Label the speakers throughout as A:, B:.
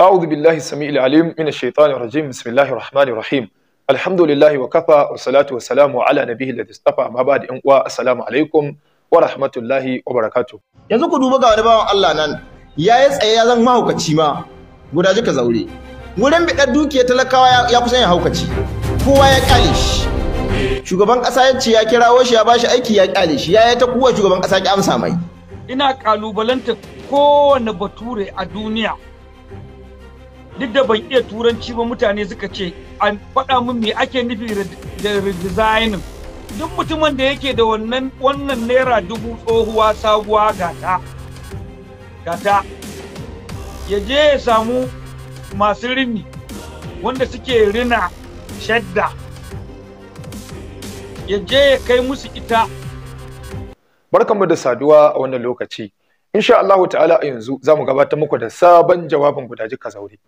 A: أعوذ بالله السميع العليم من الشيطان الرجيم بسم الله الرحمن الرحيم الحمد لله وكفى والصلاة والسلام على نبيه الذي اصطفى ما بعد إن السلام عليكم ورحمة الله وبركاته yanzu ku duba ga wani bawan Allah nan ya yi tsaye ya zan mahaukaci ma
B: guda jika zaure wurin bidar dukiyar talakawa ya kusan ya haukaci kowa ya kyale shi shugaban kasa ya ce ya kirawo shi ya bashi aiki ya kyale shi ya yi ta kuwa shugaban kasa ki amsa mai
C: ina kalubalanta kowane bature a duniya duk da ban iya turanci ba mutane suka ce an faɗa min me ake nufi da redesigning duk mutumin da yake da wannan wannan naira dubu tsohuwa sabuwa gata gata ya je ya samu masu rini wanda suke rina shadda ya je ya kai musu ita
A: barkanmu da saduwa a wannan lokaci insha Allah ta'ala a yanzu za mu gabatar muku da sabon jawabin gudaji zaure.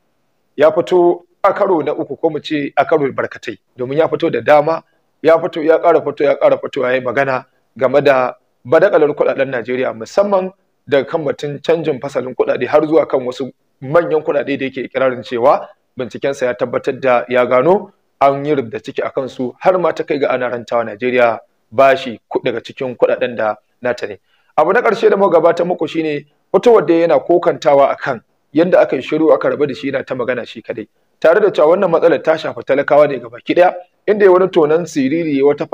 A: ya fito a karo na uku ko mu ce a karo barkatai domin ya fito da dama ya fito ya ƙara fito ya ƙara fito ya yi magana game da badakalar kuɗaɗen Najeriya musamman daga kan batun canjin fasalin kuɗaɗe har zuwa kan wasu manyan kuɗaɗe da yake ikirarin cewa bincikensa ya tabbatar da ya gano an yi rubda ciki a kansu har ma ta kai ga ana rantawa Najeriya bashi daga cikin kuɗaɗen da nata ne. Abu na karshe da mu gabata muku shine fitowar da yana kokantawa akan yadda aka yi shiru aka rabu da shi yana ta magana shi kadai tare da cewa wannan matsalar ta shafa talakawa ne gaba daya inda ya wani tonan siriri wata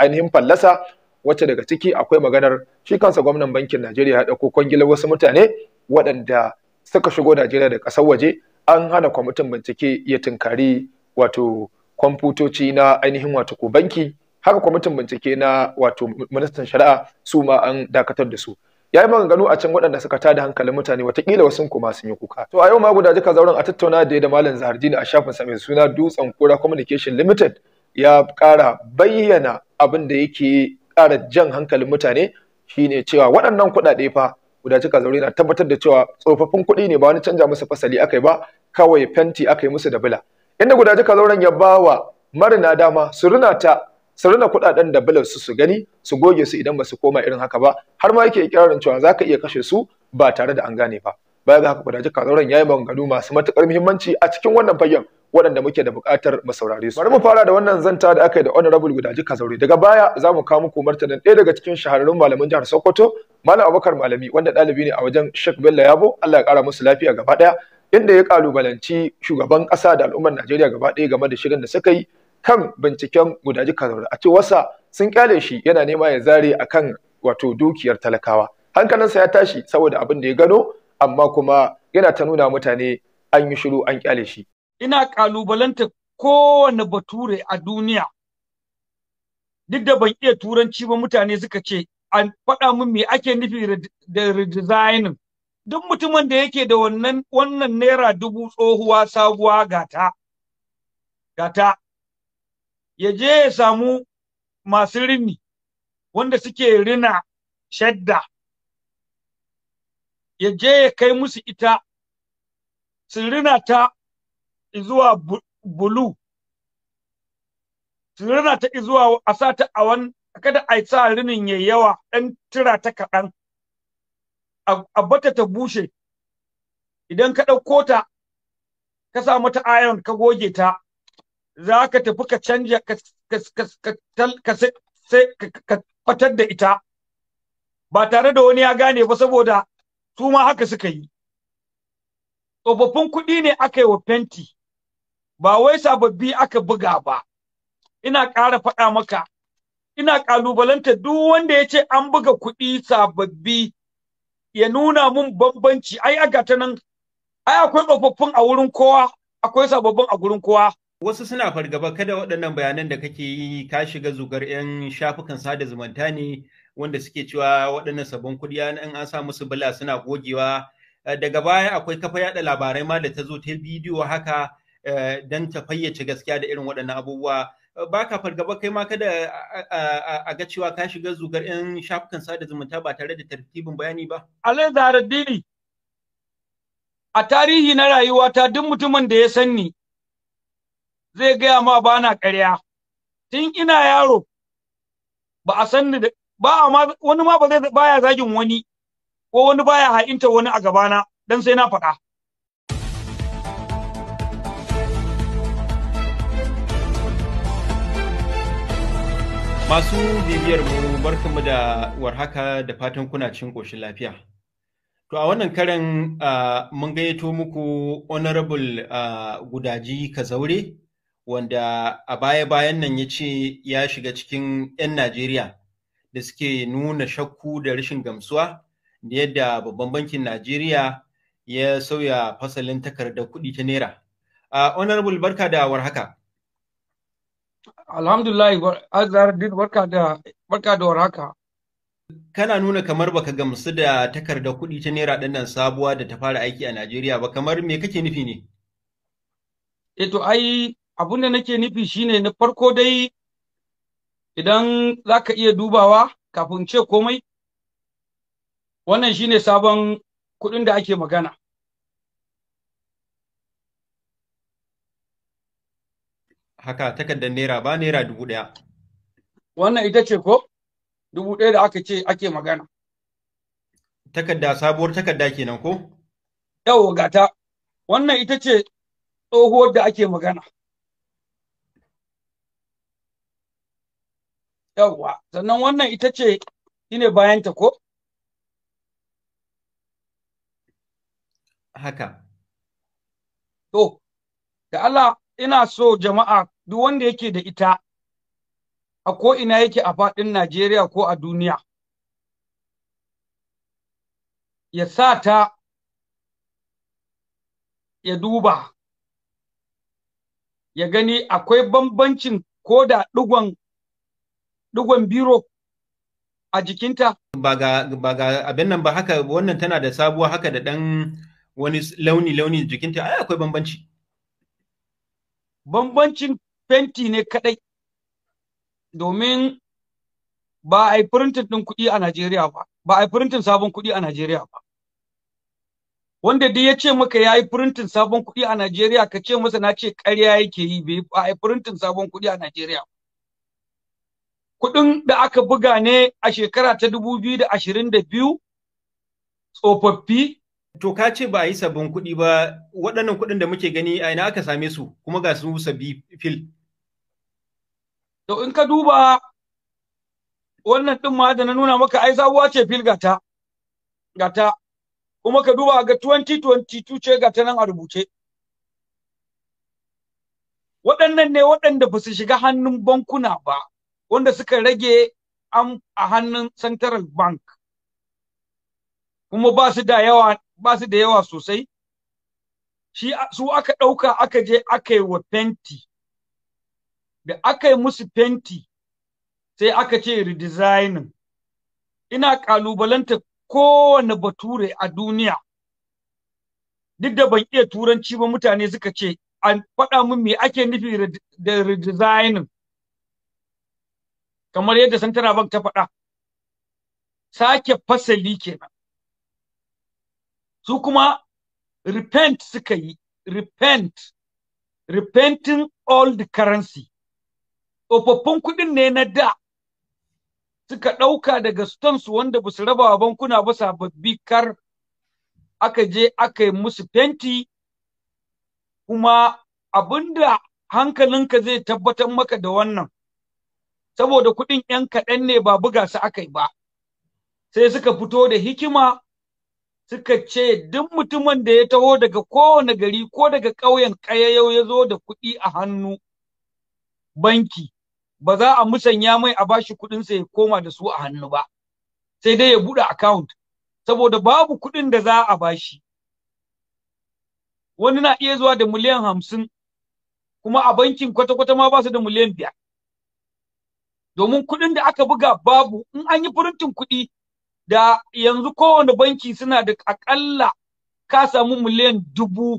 A: ainihin fallasa wacce daga ciki akwai maganar shi kansa gwamnan bankin Najeriya ya dauko kwangilar wasu mutane waɗanda suka shigo Najeriya da ƙasar waje an hana kwamitin bincike ya tunkari wato kwamfutoci na ainihin wato ko banki haka kwamitin bincike na wato ministan shari'a su ma an dakatar da su ya yi maganganu a can waɗanda suka tada hankalin mutane watakila wasu kuma sun yi kuka to a yau ma guda jika zauren a tattauna da da malam zahar a shafin sa mai suna dutsen kura communication limited ya ƙara bayyana abin da yake ƙara jan hankalin mutane shine cewa waɗannan kuɗaɗe fa guda jika zauren na tabbatar da cewa tsofaffin kuɗi ne ba wani canja musu fasali aka yi ba kawai fenti aka yi musu da bila inda guda jika zauren ya ba wa marina dama su rina ta su rina kuɗaɗen da bilar su su gani su goge su idan ba su koma irin haka ba har ma yake ikirarin cewa za ka iya kashe su ba tare da an gane ba baya ga haka kudaji kazauran ya yi maganganu masu matukar muhimmanci a cikin wannan fagen waɗanda muke da buƙatar mu saurare su bari mu fara da wannan zanta da aka yi da honorable gudaji kazaure daga baya za mu kawo muku martanin ɗaya daga cikin shahararrun malamin jihar sokoto malam abubakar malami wanda ɗalibi ne a wajen sheikh bello yabo allah ya ƙara musu lafiya gaba ɗaya inda ya kalubalanci shugaban ƙasa da al'ummar Najeriya gaba ɗaya game da shirin da suka yi kan binciken gudaji kazaure a ce wasa sun kyale shi yana nema ya zare a kan wato dukiyar talakawa hankalinsa ya tashi saboda abin da ya gano amma kuma yana ta nuna mutane an yi shiru an kyale shi
C: ina kalubalanta kowane bature a duniya duk da ban iya turanci ba mutane suka ce an faɗa min me ake nufi da redesigning duk mutumin da yake da wannan naira dubu tsohuwa sabuwa gata gata ya je ya samu masu rini wanda suke rina shadda ya je ya kai musu ita su rina ta zuwa bulu su rina ta zuwa a sa ta a wani kada a sa rinin yayi yawa ɗan tira ta kaɗan a bata ta bushe idan ka ɗauko ta ka sa mata ayon ka goge ta za ka tafi ka canja ka fatar da ita ba tare da wani ya gane ba saboda su ma haka suka yi tsofaffin kuɗi ne aka yi wa fenti ba wai sababbi aka buga ba ina ƙara faɗa maka ina ƙalubalanta duk wanda ya ce an buga kuɗi sababbi ya nuna mun bambanci ai aga ta nan ai akwai tsofaffin a wurin kowa akwai sababbin a wurin kowa Wasu suna fargaba kada waɗannan bayanan
D: da kake yi ka shiga zugar 'yan shafukan sada zumunta ne wanda suke cewa waɗannan sabon kuɗi an an sa musu bala suna gogewa eh, daga baya akwai kafa yaɗa labarai ma da ta zo ta bidiyo haka eh, don ta fayyace gaskiya da irin waɗannan abubuwa eh, ba ka fargaba kai ma kada a ga cewa ka shiga zugar 'yan shafukan sada zumunta ba tare da tartibin bayani ba?
C: Alai Zaharaddini, a tarihi na rayuwata duk mutumin da ya san ni zai gaya ma ba na ƙarya tun ina yaro ba a san ni da ba ma wani ma ba zai baya zagin wani ko wani baya ha'inta wani a gabana dan sai na faɗa
D: Masu bibiyar mu barkamu da warhaka da fatan kuna cin ƙoshin lafiya. To a wannan karan ah, mun gayyato muku Honorable ah, Gudaji ka zaure? wanda a baya-bayan nan ya ce ya shiga cikin 'yan Najeriya da suke nuna shakku da rashin gamsuwa da yadda babban bankin Najeriya ya sauya fasalin takardar kuɗi ta Naira. Uh, honorable barka da warhaka. Alhamdulillah, Azhar barka da barka da warhaka. Kana nuna kamar baka gamsu da takardar kuɗi ta Naira ɗan nan sabuwa da ta fara aiki a Najeriya ba kamar me
C: kake nufi ne? Eto eh ai abin da nake nufi shine na farko dai idan za ka iya dubawa kafin ce komai wannan shine sabon kuɗin da ake magana
D: haka takardar naira ba naira dubu ɗaya
C: wannan ita ce ko dubu ɗaya da aka ce ake magana
D: takarda sabuwar takarda kenan ko yawo gata
C: wannan ita ce tsohuwar da ake magana yawwa sannan wannan ita ce shine bayanta ko haka to da Allah ina so jama'a duk wanda yake da ita a ko ina yake a faɗin Najeriya ko a duniya ya sa ta ya duba ya gani akwai bambancin ko da ɗigon digon biro a jikinta?
D: Ba ga abin nan ba haka wannan tana da sabuwa haka da ɗan wani launi-launi
C: jikinta ai akwai bambanci. Bambancin fenti ne kaɗai domin ba a yi firintin ɗin kuɗi a Najeriya ba, ba a yi firintin sabon kuɗi a Najeriya ba. Wanda dai ya ce maka ya yi firintin sabon kuɗi a Najeriya ka ce masa na ce ƙarya yake yi ba a yi firintin sabon kuɗi a Najeriya ba. kuɗin da aka buga ne a shekara ta 2022 tsofaffi To ka ce ba a yi sabon kuɗi ba
D: waɗannan kuɗin da muke gani a ina aka same su kuma ga su sabi fil.
C: To in ka duba wannan din ma da na nuna maka ai sabuwa ce fil gata. Gata. Kuma ka duba ga 2022 ce gata nan a rubuce. Waɗannan ne waɗanda ba su shiga hannun bankuna ba. wanda suka rage a hannun central bank kuma ba su da yawa sosai shi su aka ɗauka aka je aka yi wa fenti da aka yi musu fenti sai aka ce redesigning ina ƙalubalanta kowane bature a duniya duk da ban iya turanci ba mutane suka ce an faɗa min me ake nufi da redesigning kamar yadda santara bank ta faɗa sake fasali kenan su kuma repent suka yi repent repenting old currency tsofaffin kuɗin ne na da suka ɗauka daga stones wanda ba su raba wa bankuna ba sababbi kar aka je aka yi musu fenti kuma abinda hankalinka zai tabbatar maka da wannan saboda kuɗin ‘yan kaɗan ne ba buga su aka yi ba. Sai suka fito da hikima suka ce duk mutumin da ya taho daga kowane gari ko daga ƙauyen ƙayayau ya zo da kuɗi a hannu banki ba za a musanya mai a bashi kuɗinsa ya koma da su a hannu ba sai dai ya buɗe account saboda babu kuɗin da za a bashi wani na iya zuwa da miliyan hamsin kuma a bankin kwata-kwata ma ba su da miliyan biyar domin kuɗin da aka buga babu in an yi furintin kuɗi da yanzu kowane banki suna da akalla ka samu miliyan dubu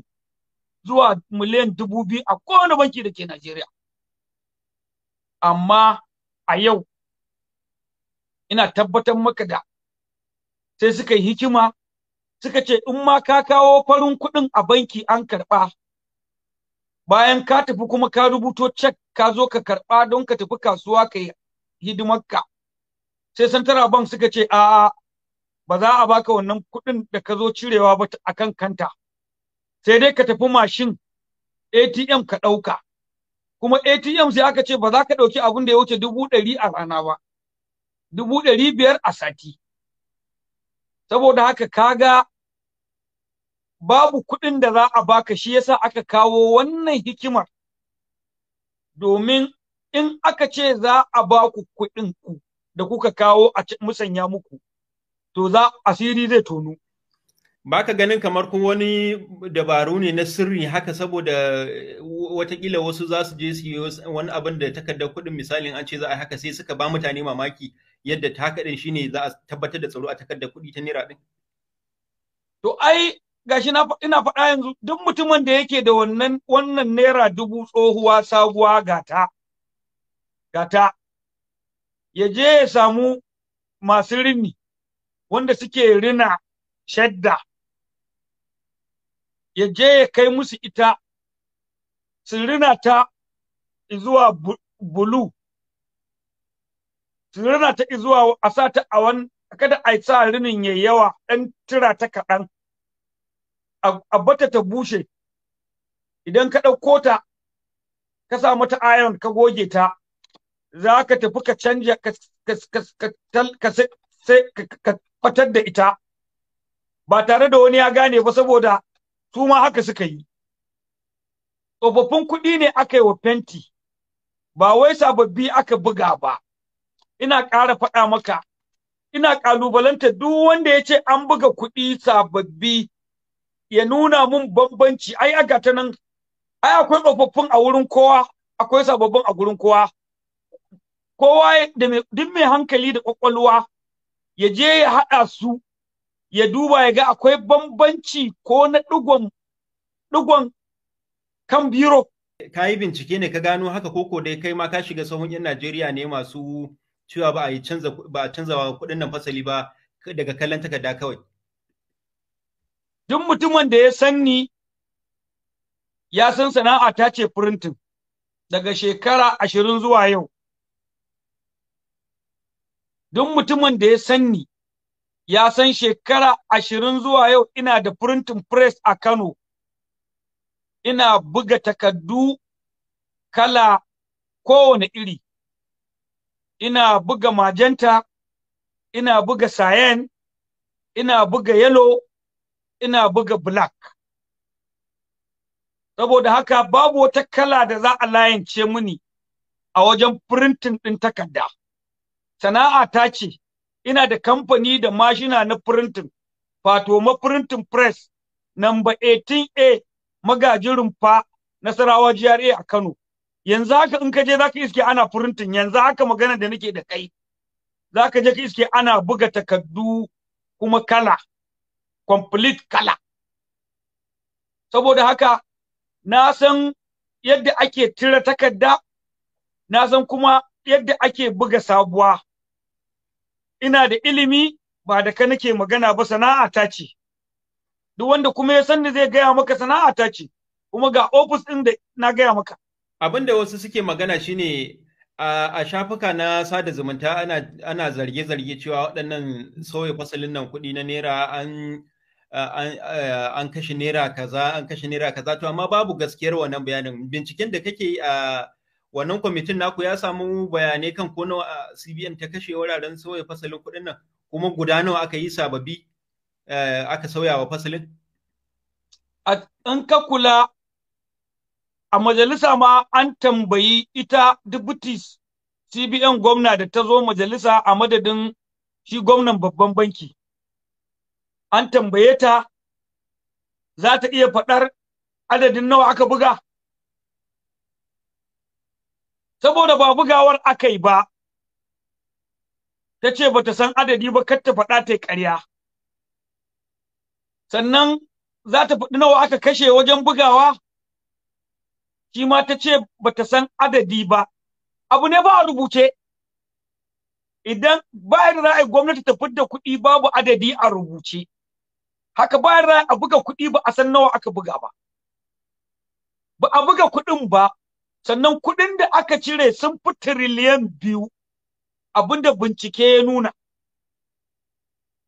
C: zuwa miliyan dubu biyu a kowane banki da ke Najeriya. Amma a yau ina tabbatar maka da sai suka yi hikima suka ce in ma ka kawo farin kuɗin a banki an karɓa bayan ka tafi kuma ka rubuto cek ka zo ka karɓa don ka tafi kasuwa ka yi hidimarka sai central bank suka ce a ba za a baka wannan kuɗin da ka zo cirewa ba akan kanta sai dai ka tafi mashin ATM ka ɗauka kuma ATM sai aka ce ba za ka ɗauki abin da ya wuce dubu ɗari a rana ba dubu ɗari biyar a sati saboda haka kaga babu kuɗin da za a baka shi yasa aka kawo wannan hikimar domin in aka ce za a ba ku kuɗin ku da kuka kawo a musanya muku to za asiri zai tonu baka ganin kamar ko wani dabaru ne
D: na sirri haka saboda eh, watakila wasu za su je su yi wani abin da takardar kuɗin misalin an ce za a haka sai suka ba mutane mamaki yadda ta shine za a tabbatar da tsaro a takardar kuɗi ta naira ɗin
C: to ai gashi na ina faɗa yanzu duk mutumin da yake da wannan wannan naira dubu tsohuwa sabuwa gata gata ya je ya samu masu rini wanda suke rina shadda ya je ya kai musu ita su rina ta zuwa bulu su rina ta zuwa a sa a wani kada a sa rinin yayi yawa ɗan tira ta kaɗan a bata ta bushe idan ka ɗauko ta ka sa mata iron ka goge ta za ka tafi ka canja ka fatar da ita ba tare da wani ya gane ba saboda su ma haka suka yi tsofaffin kuɗi ne aka yi wa fenti ba wai sababbi aka buga ba ina ƙara faɗa maka ina ƙalubalanta duk wanda ya ce an buga kuɗi sababbi ya nuna mun bambanci ai aga ta nan ai akwai tsofaffin a wurin kowa akwai sababbin a wurin kowa kowa da duk mai hankali da kwakwalwa ya je ya haɗa su ya duba ya ga akwai bambanci ko na ɗigon
D: ɗigon kan biro. Ka yi bincike ne ka gano haka koko dai kai ma ka shiga sahun 'yan Najeriya ne masu cewa ba a yi canza ba a canza kuɗin nan fasali ba
C: daga kallon takarda kawai. Duk mutumin da ya san ni ya san sana'a ta ce printing daga shekara ashirin zuwa yau. Duk mutumin da ya san ni ya san shekara ashirin zuwa yau ina da printin press a Kano. Ina buga takardu kala kowane iri. Ina buga majanta, ina buga cyan, ina buga yellow, ina buga black. Saboda haka babu wata kala da za a layance mini a wajen printin ɗin takarda. sana'a ta ce ina da kamfani da mashina na fato ma printin press Namba 18A magajin rumfa Nasarawa GRA a Kano yanzu haka in ka je zaka iske ana printin yanzu haka magana da nake da kai zaka je ka iske ana buga takardu kuma kala complete kala saboda haka na san yadda ake tira takarda na san kuma yadda ake buga sabuwa ina da ilimi ba da ka nake magana ba sana'a ta ce duk wanda kuma ya san zai gaya maka sana'a ta ce kuma ga ofis ɗin da na gaya maka abin da wasu suke magana shine
D: a shafuka na sada zumunta ana zarge-zarge cewa waɗannan sauya fasalin nan kuɗi na naira an an kashe naira kaza an kashe naira kaza to amma babu gaskiyar wannan bayanin binciken da kake a wannan kwamitin naku ya samu bayanai kan ko nawa ah, CBN ta kashe wuraren sauya fasalin kuɗin nan kuma guda nawa aka
C: yi sababi eh, aka sauya wa fasalin? In ka kula a majalisa ma an tambayi ita deputies CBN gwamna da ta zo majalisa a madadin shi gwamnan babban banki. An tambaye ta za ta iya faɗar adadin nawa aka buga saboda ba bugawar aka yi ba ta ce ba ta san adadi ba kar ta faɗa ta ƙarya sannan za ta faɗi nawa aka kashe wajen bugawa shi ma ta ce ba ta san adadi ba abu ne ba a rubuce idan bayan ra'ayi gwamnati ta fidda kuɗi babu adadi a rubuce haka bayan ra'ayi a buga kuɗi ba a san nawa aka buga ba ba a buga kuɗin ba sannan kuɗin da aka cire sun fi tiriliyan biyu abinda bincike ya nuna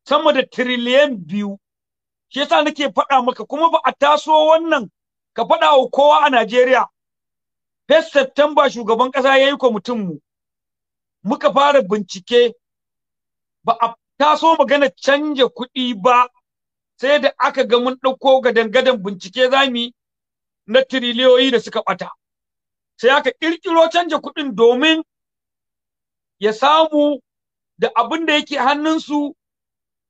C: sama da tiriliyan biyu shi yasa nake faɗa maka kuma ba a taso wannan ka faɗa wa kowa a Najeriya Fes September shugaban ƙasa ya yi kwamitin mu muka fara bincike ba a taso magana canja kuɗi ba sai da aka ga mun ɗauko gadan-gadan bincike za mu yi na tiriliyoyi da suka ɓata. sai aka kirkiro canja kuɗin domin ya samu da abin da yake hannunsu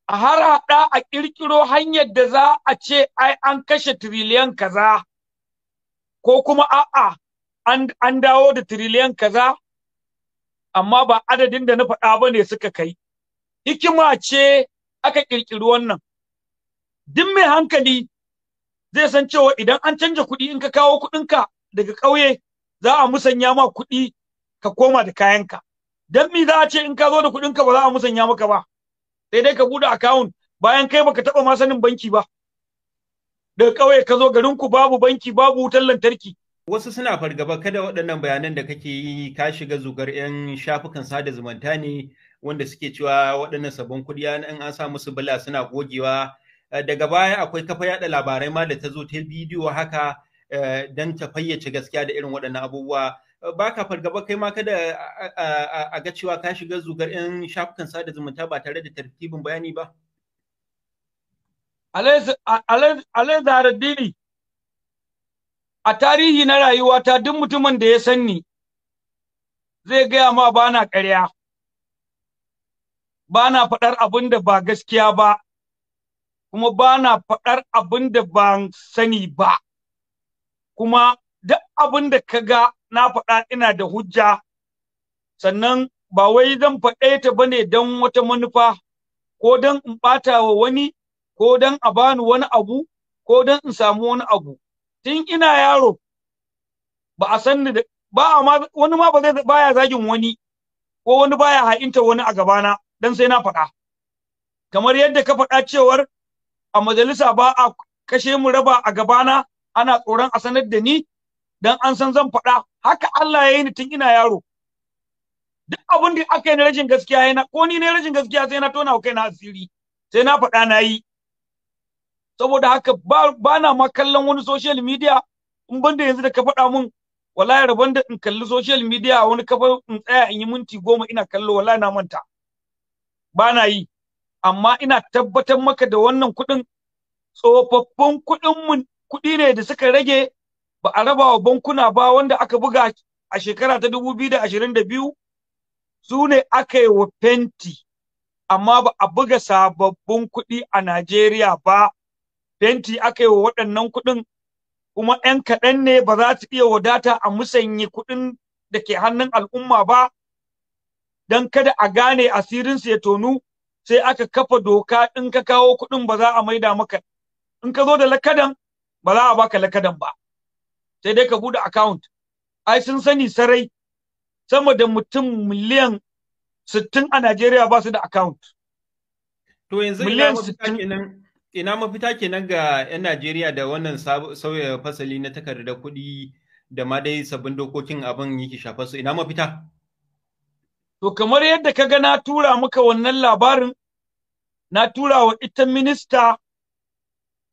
C: a harhaɗa a kirkiro hanyar da za a ce ai an kashe tiriliyan kaza ko kuma a'a an dawo da tiriliyan kaza amma ba adadin da na faɗa ba ne suka kai hikima ce aka kirkiri wannan duk mai hankali zai san cewa idan an canja kuɗi in ka kawo kuɗinka daga ƙauye za a musanya ma kuɗi ka koma da kayanka dan me za a ce in ka zo da kuɗin ka ba za a musanya maka ba sai dai ka buɗe account bayan kai baka taba ma sanin banki ba daga ƙauye ka zo garin ku babu
D: banki babu wutar lantarki wasu suna fargaba kada waɗannan bayanan da kake yi ka shiga zugar 'yan shafukan sada zumunta ne wanda suke cewa waɗannan sabon kuɗi in an sa musu bala suna gogewa eh, daga baya akwai kafa yaɗa labarai ma da ta zo ta bidiyo haka Eh, don ta fayyace gaskiya da irin waɗannan abubuwa eh, ba ka fargaba kai ma kada a ga cewa ka shiga zugar 'yan shafukan sada zumunta ba tare da tartibin bayani ba?
C: Alain Zaharaddini, a tarihi na rayuwata duk mutumin da ya sanni zai gaya ma ba na ƙarya, ba na faɗar abin da ba gaskiya ba, kuma ba na faɗar abin da ban sani ba. kuma duk abin da ka ga na faɗa ina da hujja sannan ba wai zan faɗe ta ne don wata manufa ko don in ɓata wa wani ko don a bani wani abu ko don in samu wani abu tun ina yaro ba a san da ba a ma wani ma ba zai baya zagin wani ko wani baya ha'inta wani a gabana don sai na faɗa kamar yadda ka faɗa cewar a majalisa ba a kashe mu raba a gabana ana tsoron a sanar da ni dan an san zan faɗa haka Allah ya yi ni tun ina yaro duk abin da aka yi na rashin gaskiya yana ko ni ne rashin gaskiya sai na tona kai na asiri sai na faɗa na yi saboda haka ba na ma kallon wani social media in banda yanzu da ka faɗa min, wallahi rabon da in kalli social media wani kafa in tsaya in yi minti goma ina kallo wallahi na manta ba na yi amma ina tabbatar maka da wannan kuɗin tsofaffin kuɗin mun kuɗi ne da suka rage ba a raba wa bankuna ba wanda aka buga a shekara ta 2022 su ne aka yi wa fenti amma ba a buga sababbin kuɗi a Najeriya ba fenti aka yi wa waɗannan kuɗin kuma 'yan kaɗan ne ba za su iya wadata a musanyi kuɗin da ke hannun al'umma ba don kada a gane asirinsu ya tonu sai aka kafa doka in ka kawo kuɗin ba za a maida maka in ka zo da lakadan ba za a baka lakadan ba sai dai ka bude account ai sun sani sarai sama da mutum miliyan 60 a Najeriya ba su da account to yanzu miliyan
D: 60 ina mafita kenan ga 'yan Najeriya da wannan sauya fasali na takardar kuɗi da ma dai sabbin dokokin abin yake shafa su ina mafita?
C: To kamar yadda ka ga na tura maka wannan labarin na tura wa ita minista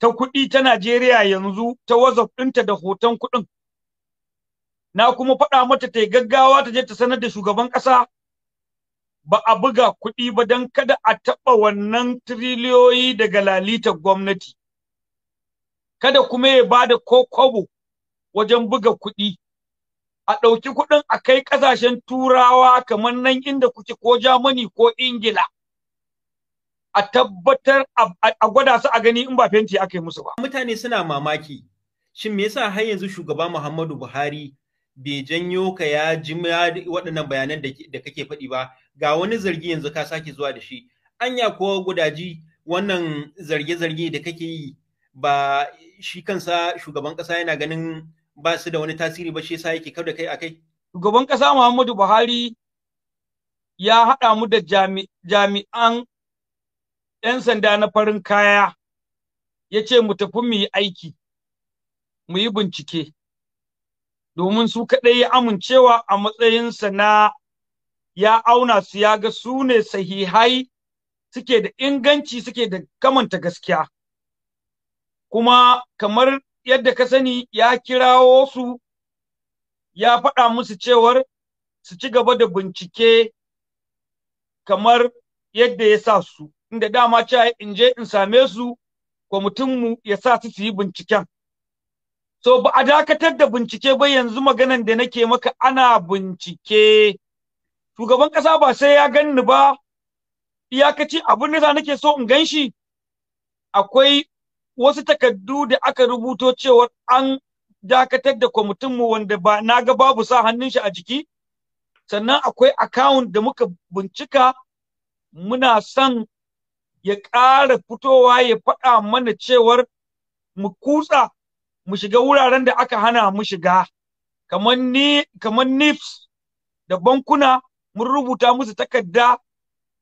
C: ta kuɗi ta Najeriya yanzu ta WhatsApp ɗinta da hoton kuɗin. Na kuma faɗa mata ta yi gaggawa ta je ta sanar da shugaban ƙasa ba a buga kuɗi ba don kada a taɓa wannan tiriliyoyi daga lalitar gwamnati. Kada kuma ya ba da kokobo wajen buga kuɗi. A ɗauki kuɗin a kai ƙasashen turawa kamar nan inda kuke ko Germany ko Ingila. a tabbatar a gwada su a gani in ba fenti aka yi musu ba. Mutane suna mamaki, shin me
D: yasa har yanzu shugaba Muhammadu Buhari bai janyo ka ya ji waɗannan bayanan da kake faɗi ba ga wani zargi yanzu ka sake zuwa da shi anya ko gudaji wannan zarge-zarge da kake yi ba shi kansa shugaban ƙasa yana ganin ba su da wani tasiri ba shi yasa yake kau da kai akai shugaban ƙasa Muhammadu Buhari
C: ya haɗa mu da jami'an ɗan sanda na farin kaya ya ce mu tafi mu yi aiki mu yi bincike domin su kaɗai ya amincewa a matsayinsa na ya auna su ya ga su ne sahihai suke da inganci suke da kamanta gaskiya kuma kamar yadda ka sani ya kirawo su ya faɗa musu cewar su ci gaba da bincike kamar yadda ya sa su inda dama cewa in je in same su mu ya sa su su yi binciken. So ba a dakatar da bincike ba yanzu maganan da nake maka ana bincike. Shugaban ƙasa ba sai ya ganni ba, iyakaci abin da nake so in ganshi akwai wasu takardu da aka rubuto cewar an dakatar da mu wanda ba na ga babu sa hannun shi a jiki, sannan akwai akawun da muka bincika muna son ya ƙara fitowa ya faɗa mana cewar mu kutsa mu shiga wuraren da aka hana mu shiga kamar ni kamar NIFS da bankuna mun rubuta musu takarda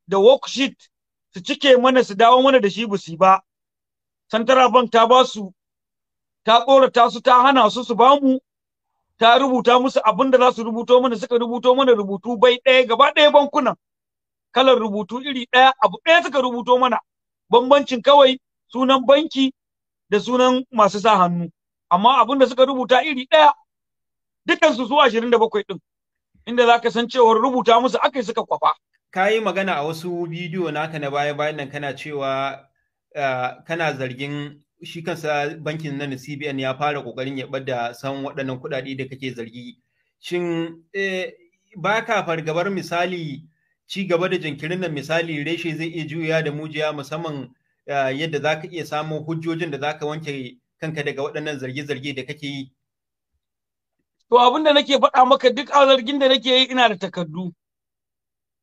C: da worksheet su cike mana su dawo mana da shi ba su ba Santara Bank ta ba su ta tsorata su ta hana su su bamu ta rubuta musu abin da za su rubuto mana suka rubuto mana rubutu bai ɗaya gaba ɗaya bankunan kalar rubutu iri ɗaya abu ɗaya suka rubuto mana bambancin kawai sunan banki da sunan masu sa hannu amma abin da suka rubuta iri ɗaya dukansu su 27 din inda zaka san cewar
D: rubuta musu akai suka kwafa ka yi magana a wasu bidiyo naka na baya bayan nan kana cewa kana zargin shi kansa bankin nan CBN ya fara kokarin ya bada san waɗannan kuɗaɗe da kake zargi shin eh, baka fargabar misali ci gaba da jinkirin nan misali reshe zai iya juya da mujiya musamman eh, yadda za ka iya samun hujjojin da za ka wanke kanka daga waɗannan zarge-zarge da kake
C: yi? To abin da nake faɗa maka duk a zargin da nake yi ina da takardu.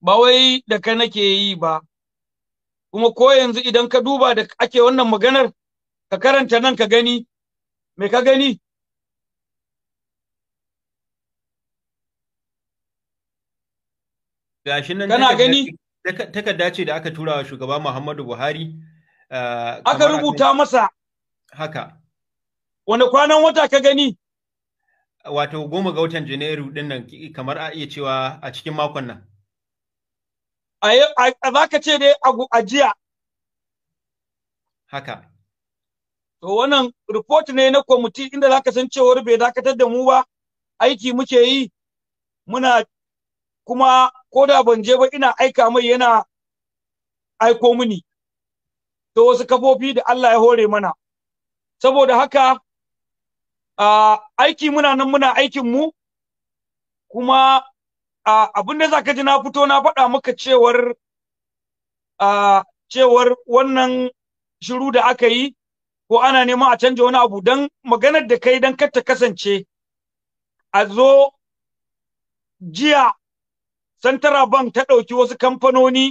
C: Ba wai da ka nake yi ba. Kuma ko yanzu idan ka duba da ake wannan maganar ka karanta nan ka gani me ka gani
D: gashi nan kana gani takarda ce da aka tura wa shugaba Muhammadu Buhari eh, aka rubuta masa haka wani kwanan wata ka gani wato goma ga watan Janairu din nan kamar a iya cewa a cikin
C: makon nan a za ka ce dai a jiya haka to wannan report ne na kwamiti inda za ka san cewar bai dakatar da mu ba aiki muke yi muna kuma ko da ban je ba ina aika mai yana aiko mini to wasu kafofi da Allah ya hore mana saboda haka uh, aiki muna nan muna aikin mu kuma uh, abin da zaka ji na fito na faɗa maka cewar uh, cewar wannan shiru da aka yi ko ana neman a canja wani abu don maganar da kai don kar ta kasance a zo jiya Central Bank ta ɗauki wasu kamfanoni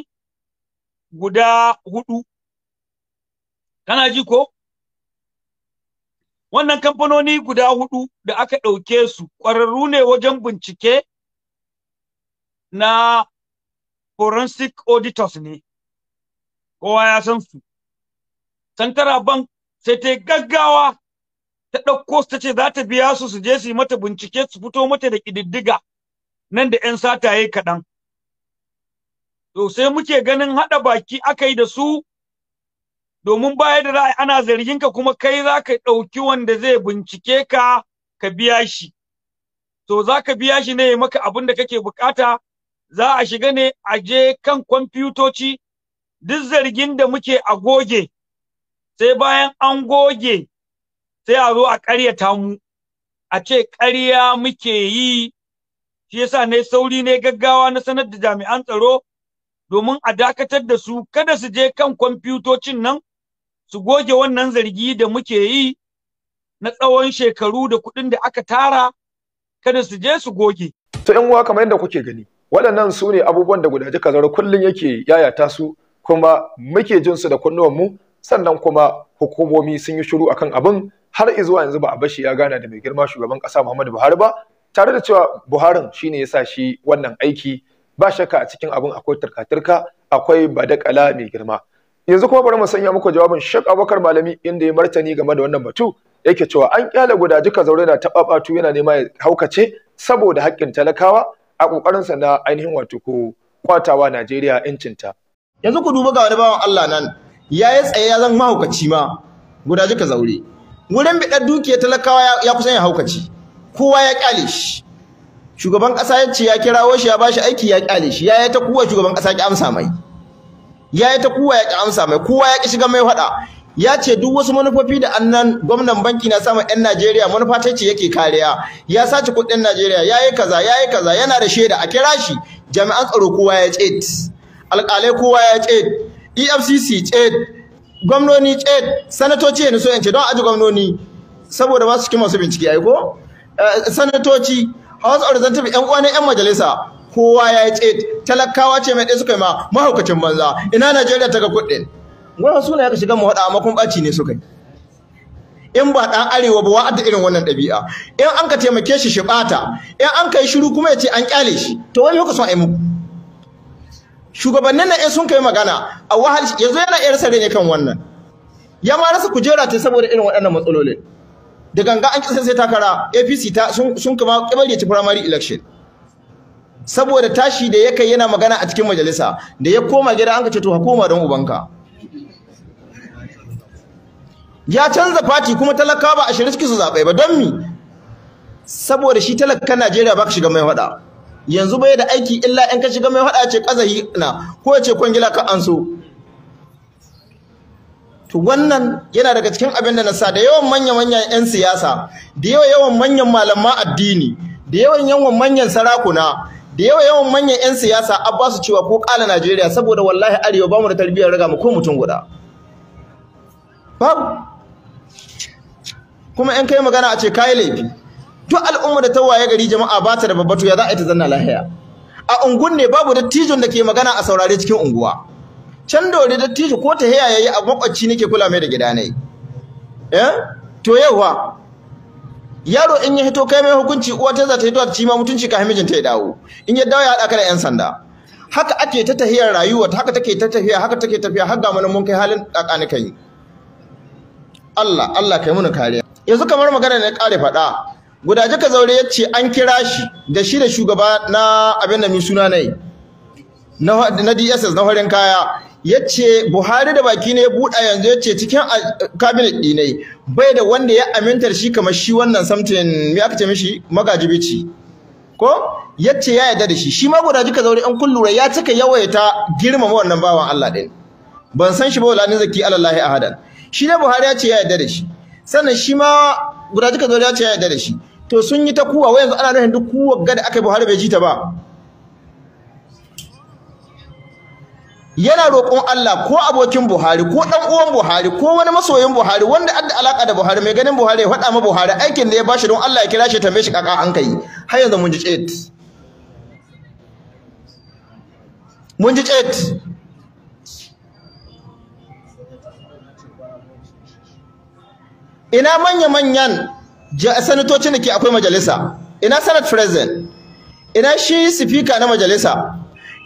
C: guda hudu. Kana ji ko? Wannan kamfanoni guda hudu da aka ɗauke su ƙwararru ne wajen bincike na forensic auditors ne. Kowa ya san su. Central Bank sai ta gaggawa ta ɗauko su ta ce za ta biya su su je su yi mata bincike su fito mata da ƙididdiga. nan da 'yan sataye kaɗan. To sai muke ganin haɗa baki aka yi da su domin baya da ra'ayi ana zargin ka kuma kai za ka ɗauki wanda zai bincike ka ka biya shi. To za ka biya shi ne maka abin da kake bukata za a shiga ne a je kan kwamfutoci duk zargin da muke a goge sai bayan an goge sai a zo a ƙaryata mu a ce ƙarya muke yi shi yasa ne sauri ne gaggawa na sanar da jami'an tsaro domin a dakatar da su kada su je kan kwamfutocin nan su goge wannan zargi da muke yi na tsawon shekaru da kuɗin da aka tara kada su je su goge.
A: To ‘yan uwa kamar yadda kuke gani waɗannan su ne abubuwan da gudaje kazar kullun yake yayata su kuma muke jin su da mu sannan kuma hukumomi sun yi shiru akan abin har izuwa yanzu ba a bashi ya gana da mai girma shugaban ƙasa Muhammadu Buhari ba tare da cewa buharin shine ya sa shi wannan aiki ba shakka a cikin abin akwai turka-turka akwai badakala mai girma yanzu kuma bari mu sanya muku jawabin Sheikh Abubakar Malami inda ya martani game da wannan batu yake cewa an kyale gudajuka zaure da tababatu yana nema ya haukace saboda haƙƙin talakawa a ƙoƙarinsa na ainihin wato ko kwatawa Najeriya incinta. Yanzu ku duba ga wani bawan Allah nan ya
B: yi tsaye ya zan mahaukaci ma gudajuka zaure. Wurin biɗar dukiyar talakawa ya kusa ya haukaci. kowa ya kyale shi shugaban kasa ya ce ya kirawo shi ya bashi aiki ya kyale shi ya yi ta kuwa shugaban kasa ki amsa mai ya yi ta kuwa ya ki amsa mai kowa ya ki shiga mai hada ya ce duk wasu manufofi da annan gwamnan banki na samun 'yan Najeriya manufa ta ce yake kariya ya sace kuɗin Najeriya ya yi kaza ya yi kaza yana da shaida a kira shi jami'an tsaro kowa ya ce alƙalai kowa ya ce EFCC ce gwamnoni ce sanatoci ne so yance don aji gwamnoni saboda ba su cikin masu bincike ai ko sanatoci house representative yan uwa ne ƴan majalisa kowa ya ce talakawa ce mai ɗaya suka yi ma mahaukacin banza ina Najeriya ta ga kuɗin wannan suna ya shiga mu haɗa amma kun ɓaci ne suka yi in ba ɗan arewa ba wa'adda irin wannan ɗabi'a in an ka taimake shi shi ɓata in an ka yi shiru kuma ya ce an ƙyale shi to wani kuka son a yi shugabannin na in sun kai magana a wahal yanzu yana iya rasa ne kan wannan ya ma rasa kujera ta saboda irin waɗannan matsalolin da ganga an kisa sai takara APC ta sun kama kibari ta primary election saboda tashi da ya kai yana magana a cikin majalisa da ya koma gida an kace to hukuma don ubanka ya canza fati kuma talaka ba a shirye su zabe ba don mi saboda shi talakan Najeriya baka shiga mai hada yanzu bai da aiki illa in ka shiga mai hada ce kazahi na ko ce kwangila ka anso to wannan yana daga cikin abin da na sa da yawan manya-manyan 'yan siyasa da yawan yawan manyan malaman addini da yawan yawan manyan sarakuna da yawan yawan manyan 'yan siyasa an basu cewa ko kala Najeriya saboda wallahi arewa ba mu da tarbiyyar raga mu ko mutum guda kuma 'yan kai magana a ce kai laifi duk al'umma da ta waye gari jama'a ba ta da babbato ya za a yi ta zanna lahiya a ungun ne babu dattijon da ke magana a saurare cikin unguwa can dore dattijo ko ta haya yayi a makwacci nake kula mai da gida nayi eh to yawa yaro in ya hito kai mai hukunci uwa ta za ta hito ta ma mutunci ka hamijin ta ya dawo in ya dawo ya haɗa ka da yan sanda haka ake ta tahiyar rayuwa haka take ta tafiya haka take tafiya har ga mun mun kai halin dakani kai Allah Allah kai mun kariya yanzu kamar magana ne kare faɗa gudaje ka zaure yace an kira shi da shi da shugaba na abin da mi suna nai na DSS na horin kaya yace Buhari da baki ne ya buɗa yanzu yace cikin cabinet dinai bai da wanda ya amintar shi kamar shi wannan something me aka ce mishi magajibici ko yace ya yarda da shi shi ma guda jika zaure an kullura ya cika yawaita girmama wannan bawan Allah din ban san shi ba wala ni zaki alallahi ahadan shi ne Buhari ya ce ya yarda da shi sannan shi ma guda jika zaure ya ce ya yarda da shi to sun yi ta kuwa wai yanzu ana nufin duk kuwa ga da aka yi Buhari bai ji ta ba yana roƙon Allah ko abokin Buhari ko ɗan uwan Buhari ko wani masoyin Buhari wanda adda alaka da Buhari mai ganin Buhari ya faɗa ma Buhari aikin da ya bashi don Allah ya kira shi tambaye shi kaka an kai har yanzu mun ji cet mun ji cet ina manya manyan sanatocin da ke akwai majalisa ina sanat president ina shi speaker na majalisa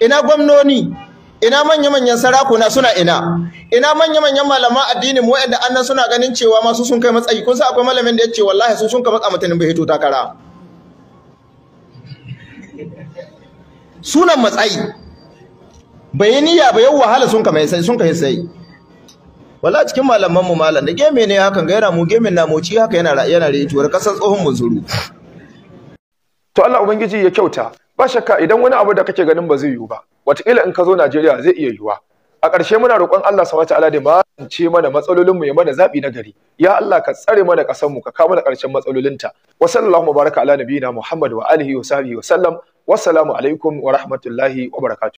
B: ina gwamnoni ina manya-manyan sarakuna suna ina ina manya-manyan malaman addinin mu wa'anda annan suna ganin cewa masu sun kai matsayi kun sa akwai malamin da ya ce wallahi su sun kai matsa mutanen bai hito takara sunan matsayi bai niyya yau wahala sun mai sai sun kai sai wallahi cikin malaman mu malam da geme ne hakan ga yana mu gemin na moci haka yana yana rayuwar kasar tsohon
A: munzuru to Allah ubangiji ya kyauta ba shakka idan wani abu da kake ganin ba zai yiwu ba wataƙila in ka zo Najeriya zai iya yiwuwa a ƙarshe muna roƙon Allah subhanahu wataala da magance mana matsalolin mu ya mana zaɓi na gari ya Allah ka tsare mana ƙasar mu ka kawo mana ƙarshen matsalolinta wa sallallahu baraka ala nabiyina Muhammad wa alihi wa sahbihi wa sallam wassalamu alaikum wa rahmatullahi wa barakatuh